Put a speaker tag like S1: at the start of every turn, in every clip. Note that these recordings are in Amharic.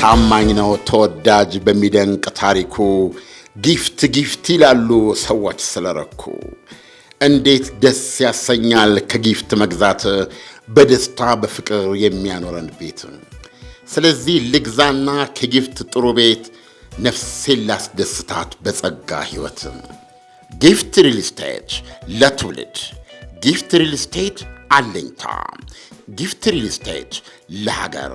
S1: ታማኝ ነው ተወዳጅ በሚደንቅ ታሪኩ ጊፍት ጊፍት ይላሉ ሰዎች ስለረኩ። እንዴት ደስ ያሰኛል ከጊፍት መግዛት በደስታ በፍቅር የሚያኖረን ቤት። ስለዚህ ልግዛና ከጊፍት ጥሩ ቤት ነፍሴን ላስደስታት በጸጋ ሕይወት። ጊፍት ሪል ስቴት ለትውልድ ጊፍት ሪል ስቴት አለኝታ ጊፍት ሪል ስቴት ለሀገር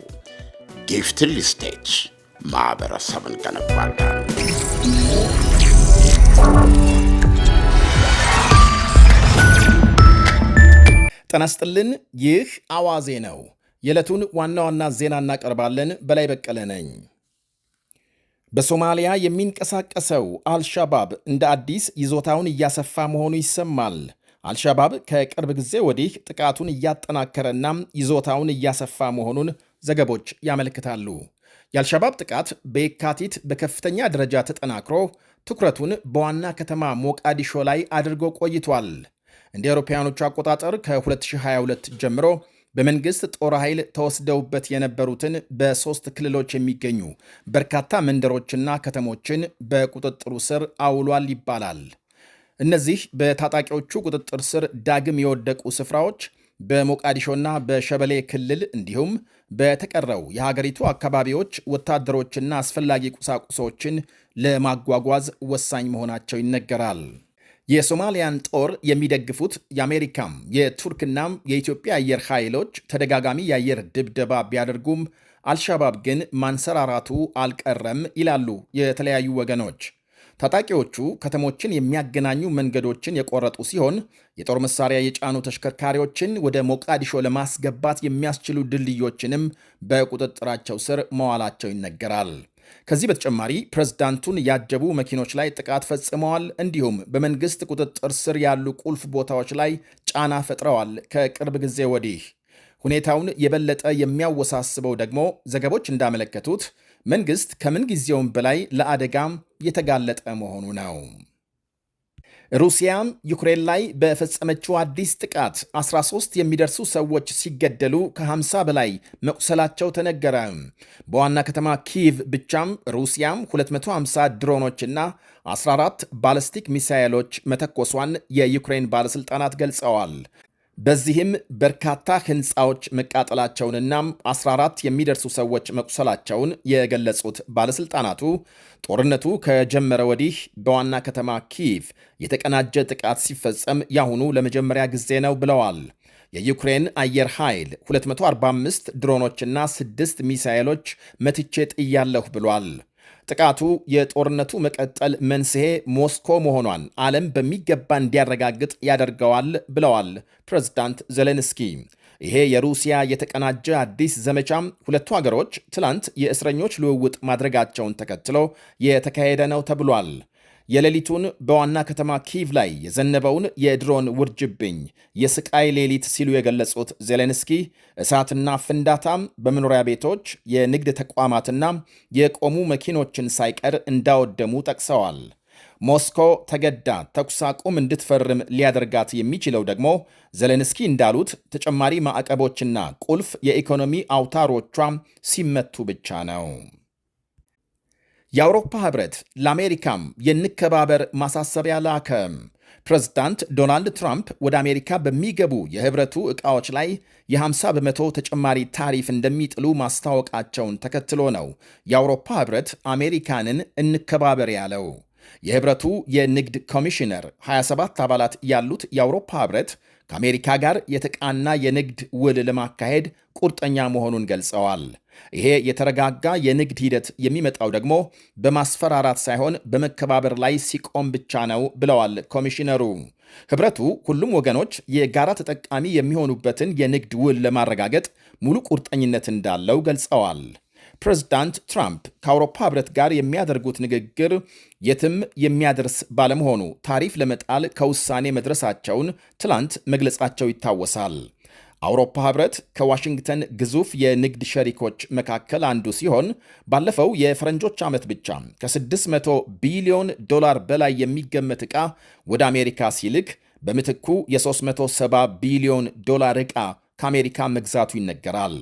S1: ጊፍትል ስቴት ማህበረሰብን ገነባለን።
S2: ጤና ይህ አዋዜ ነው። የዕለቱን ዋና ዋና ዜና እናቀርባለን። በላይ በቀለ ነኝ። በሶማሊያ የሚንቀሳቀሰው አልሻባብ እንደ አዲስ ይዞታውን እያሰፋ መሆኑ ይሰማል። አልሻባብ ከቅርብ ጊዜ ወዲህ ጥቃቱን እያጠናከረና ይዞታውን እያሰፋ መሆኑን ዘገቦች ያመለክታሉ። የአልሸባብ ጥቃት በየካቲት በከፍተኛ ደረጃ ተጠናክሮ ትኩረቱን በዋና ከተማ ሞቃዲሾ ላይ አድርጎ ቆይቷል። እንደ አውሮፓውያኖቹ አቆጣጠር ከ2022 ጀምሮ በመንግሥት ጦር ኃይል ተወስደውበት የነበሩትን በሦስት ክልሎች የሚገኙ በርካታ መንደሮችና ከተሞችን በቁጥጥሩ ስር አውሏል ይባላል። እነዚህ በታጣቂዎቹ ቁጥጥር ስር ዳግም የወደቁ ስፍራዎች በሞቃዲሾና በሸበሌ ክልል እንዲሁም በተቀረው የሀገሪቱ አካባቢዎች ወታደሮችና አስፈላጊ ቁሳቁሶችን ለማጓጓዝ ወሳኝ መሆናቸው ይነገራል። የሶማሊያን ጦር የሚደግፉት የአሜሪካም የቱርክናም የኢትዮጵያ አየር ኃይሎች ተደጋጋሚ የአየር ድብደባ ቢያደርጉም አልሻባብ ግን ማንሰራራቱ አልቀረም ይላሉ የተለያዩ ወገኖች። ታጣቂዎቹ ከተሞችን የሚያገናኙ መንገዶችን የቆረጡ ሲሆን የጦር መሳሪያ የጫኑ ተሽከርካሪዎችን ወደ ሞቃዲሾ ለማስገባት የሚያስችሉ ድልድዮችንም በቁጥጥራቸው ስር መዋላቸው ይነገራል። ከዚህ በተጨማሪ ፕሬዝዳንቱን ያጀቡ መኪኖች ላይ ጥቃት ፈጽመዋል፣ እንዲሁም በመንግስት ቁጥጥር ስር ያሉ ቁልፍ ቦታዎች ላይ ጫና ፈጥረዋል። ከቅርብ ጊዜ ወዲህ ሁኔታውን የበለጠ የሚያወሳስበው ደግሞ ዘገቦች እንዳመለከቱት መንግስት ከምንጊዜውም በላይ ለአደጋም የተጋለጠ መሆኑ ነው። ሩሲያም ዩክሬን ላይ በፈጸመችው አዲስ ጥቃት 13 የሚደርሱ ሰዎች ሲገደሉ ከ50 በላይ መቁሰላቸው ተነገረ። በዋና ከተማ ኪቭ ብቻም ሩሲያም 250 ድሮኖችና 14 ባለስቲክ ሚሳይሎች መተኮሷን የዩክሬን ባለሥልጣናት ገልጸዋል። በዚህም በርካታ ሕንፃዎች መቃጠላቸውንና 14 የሚደርሱ ሰዎች መቁሰላቸውን የገለጹት ባለሥልጣናቱ ጦርነቱ ከጀመረ ወዲህ በዋና ከተማ ኪቭ የተቀናጀ ጥቃት ሲፈጸም ያሁኑ ለመጀመሪያ ጊዜ ነው ብለዋል። የዩክሬን አየር ኃይል 245 ድሮኖችና 6 ሚሳኤሎች መትቼ ጥያለሁ ብሏል። ጥቃቱ የጦርነቱ መቀጠል መንስሄ ሞስኮ መሆኗን ዓለም በሚገባ እንዲያረጋግጥ ያደርገዋል ብለዋል ፕሬዝዳንት ዜሌንስኪ። ይሄ የሩሲያ የተቀናጀ አዲስ ዘመቻም ሁለቱ ሀገሮች ትላንት የእስረኞች ልውውጥ ማድረጋቸውን ተከትሎ የተካሄደ ነው ተብሏል። የሌሊቱን በዋና ከተማ ኪቭ ላይ የዘነበውን የድሮን ውርጅብኝ የስቃይ ሌሊት ሲሉ የገለጹት ዜሌንስኪ እሳትና ፍንዳታም በመኖሪያ ቤቶች፣ የንግድ ተቋማትና የቆሙ መኪኖችን ሳይቀር እንዳወደሙ ጠቅሰዋል። ሞስኮ ተገዳ ተኩስ አቁም እንድትፈርም ሊያደርጋት የሚችለው ደግሞ ዘሌንስኪ እንዳሉት ተጨማሪ ማዕቀቦችና ቁልፍ የኢኮኖሚ አውታሮቿ ሲመቱ ብቻ ነው። የአውሮፓ ህብረት ለአሜሪካም የንከባበር ማሳሰቢያ ላከ። ፕሬዝዳንት ዶናልድ ትራምፕ ወደ አሜሪካ በሚገቡ የህብረቱ ዕቃዎች ላይ የ50 በመቶ ተጨማሪ ታሪፍ እንደሚጥሉ ማስታወቃቸውን ተከትሎ ነው የአውሮፓ ህብረት አሜሪካንን እንከባበር ያለው። የህብረቱ የንግድ ኮሚሽነር 27 አባላት ያሉት የአውሮፓ ህብረት ከአሜሪካ ጋር የተቃና የንግድ ውል ለማካሄድ ቁርጠኛ መሆኑን ገልጸዋል። ይሄ የተረጋጋ የንግድ ሂደት የሚመጣው ደግሞ በማስፈራራት ሳይሆን በመከባበር ላይ ሲቆም ብቻ ነው ብለዋል ኮሚሽነሩ። ህብረቱ ሁሉም ወገኖች የጋራ ተጠቃሚ የሚሆኑበትን የንግድ ውል ለማረጋገጥ ሙሉ ቁርጠኝነት እንዳለው ገልጸዋል። ፕሬዝዳንት ትራምፕ ከአውሮፓ ህብረት ጋር የሚያደርጉት ንግግር የትም የሚያደርስ ባለመሆኑ ታሪፍ ለመጣል ከውሳኔ መድረሳቸውን ትላንት መግለጻቸው ይታወሳል። አውሮፓ ህብረት ከዋሽንግተን ግዙፍ የንግድ ሸሪኮች መካከል አንዱ ሲሆን ባለፈው የፈረንጆች ዓመት ብቻ ከ600 ቢሊዮን ዶላር በላይ የሚገመት ዕቃ ወደ አሜሪካ ሲልክ በምትኩ የ370 ቢሊዮን ዶላር ዕቃ ከአሜሪካ መግዛቱ ይነገራል።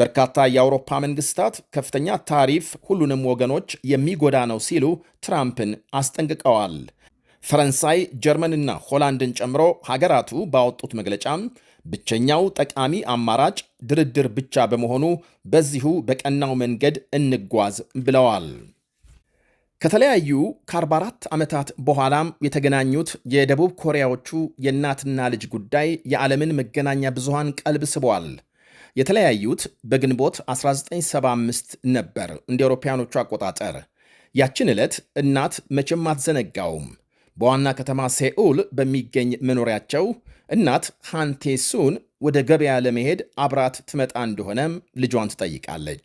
S2: በርካታ የአውሮፓ መንግስታት ከፍተኛ ታሪፍ ሁሉንም ወገኖች የሚጎዳ ነው ሲሉ ትራምፕን አስጠንቅቀዋል። ፈረንሳይ፣ ጀርመንና ሆላንድን ጨምሮ ሀገራቱ ባወጡት መግለጫም ብቸኛው ጠቃሚ አማራጭ ድርድር ብቻ በመሆኑ በዚሁ በቀናው መንገድ እንጓዝ ብለዋል። ከተለያዩ ከ44 ዓመታት በኋላም የተገናኙት የደቡብ ኮሪያዎቹ የእናትና ልጅ ጉዳይ የዓለምን መገናኛ ብዙሃን ቀልብ ስቧል። የተለያዩት በግንቦት 1975 ነበር እንደ አውሮፓውያኖቹ አቆጣጠር። ያችን ዕለት እናት መቼም አትዘነጋውም። በዋና ከተማ ሴኡል በሚገኝ መኖሪያቸው እናት ሃንቴሱን ወደ ገበያ ለመሄድ አብራት ትመጣ እንደሆነም ልጇን ትጠይቃለች።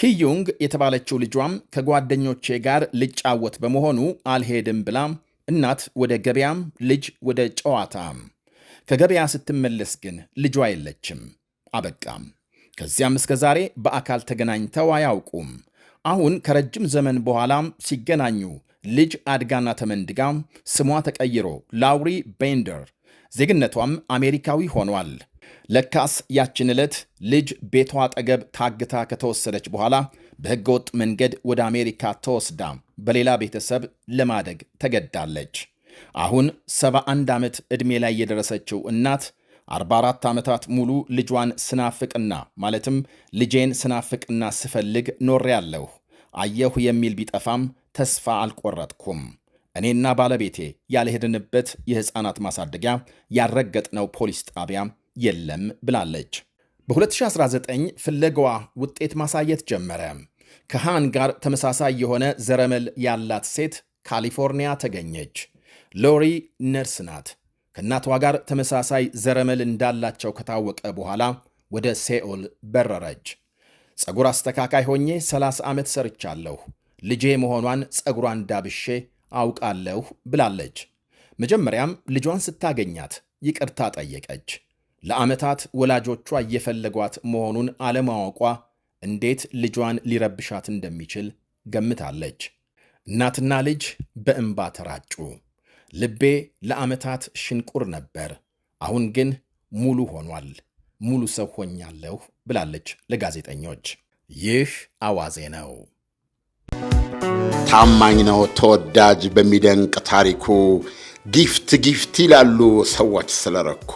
S2: ኪዩንግ የተባለችው ልጇም ከጓደኞቼ ጋር ልጫወት በመሆኑ አልሄድም ብላም እናት ወደ ገበያም ልጅ ወደ ጨዋታም። ከገበያ ስትመለስ ግን ልጇ የለችም። አበቃም። ከዚያም እስከ ዛሬ በአካል ተገናኝተው አያውቁም። አሁን ከረጅም ዘመን በኋላም ሲገናኙ ልጅ አድጋና ተመንድጋም ስሟ ተቀይሮ ላውሪ ቤንደር ዜግነቷም አሜሪካዊ ሆኗል። ለካስ ያችን ዕለት ልጅ ቤቷ አጠገብ ታግታ ከተወሰደች በኋላ በሕገወጥ መንገድ ወደ አሜሪካ ተወስዳ በሌላ ቤተሰብ ለማደግ ተገዳለች። አሁን 71 ዓመት ዕድሜ ላይ የደረሰችው እናት 44 ዓመታት ሙሉ ልጇን ስናፍቅና ማለትም ልጄን ስናፍቅና ስፈልግ ኖሬያለሁ። አየሁ የሚል ቢጠፋም ተስፋ አልቆረጥኩም። እኔና ባለቤቴ ያልሄድንበት የሕፃናት ማሳደጊያ ያረገጥነው ፖሊስ ጣቢያ የለም ብላለች። በ2019 ፍለጋዋ ውጤት ማሳየት ጀመረ። ከሃን ጋር ተመሳሳይ የሆነ ዘረመል ያላት ሴት ካሊፎርኒያ ተገኘች። ሎሪ ነርስ ናት። ከእናቷ ጋር ተመሳሳይ ዘረመል እንዳላቸው ከታወቀ በኋላ ወደ ሴኦል በረረች። ፀጉር አስተካካይ ሆኜ 30 ዓመት ሰርቻለሁ፣ ልጄ መሆኗን ፀጉሯን ዳብሼ አውቃለሁ ብላለች። መጀመሪያም ልጇን ስታገኛት ይቅርታ ጠየቀች። ለዓመታት ወላጆቿ እየፈለጓት መሆኑን አለማወቋ እንዴት ልጇን ሊረብሻት እንደሚችል ገምታለች። እናትና ልጅ በእንባ ተራጩ። ልቤ ለዓመታት ሽንቁር ነበር፣ አሁን ግን ሙሉ ሆኗል፣ ሙሉ ሰው ሆኛለሁ ብላለች ለጋዜጠኞች። ይህ አዋዜ ነው።
S1: ታማኝ ነው ተወዳጅ በሚደንቅ ታሪኩ ጊፍት ጊፍት ይላሉ ሰዎች ስለረኩ።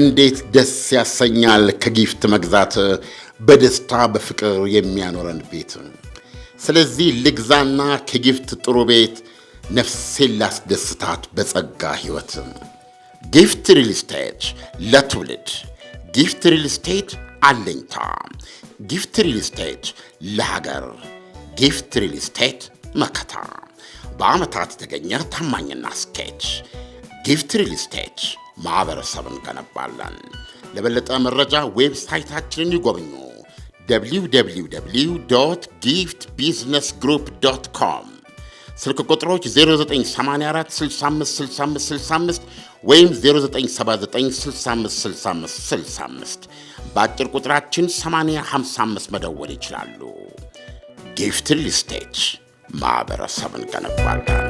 S1: እንዴት ደስ ያሰኛል ከጊፍት መግዛት በደስታ በፍቅር የሚያኖረን ቤት። ስለዚህ ልግዛና ከጊፍት ጥሩ ቤት ነፍሴን ላስደስታት በጸጋ ሕይወትም። ጊፍት ሪል ስቴት ለትውልድ ጊፍት ሪል ስቴት አለኝታ፣ ጊፍት ሪል ስቴት ለሀገር፣ ጊፍት ሪል ስቴት መከታ፣ በዓመታት የተገኘ ታማኝና ስኬች። ጊፍት ሪል ስቴት ማኅበረሰብን እንገነባለን። ለበለጠ መረጃ ዌብሳይታችንን ይጎብኙ፣ ዶት ጊፍት ቢዝነስ ግሩፕ ዶት ኮም ስልክ ቁጥሮች 0984656565 ወይም 0979656565 በአጭር ቁጥራችን 855 መደወል ይችላሉ። ጊፍት ሊስቴች ማኅበረሰብን ገነባለን።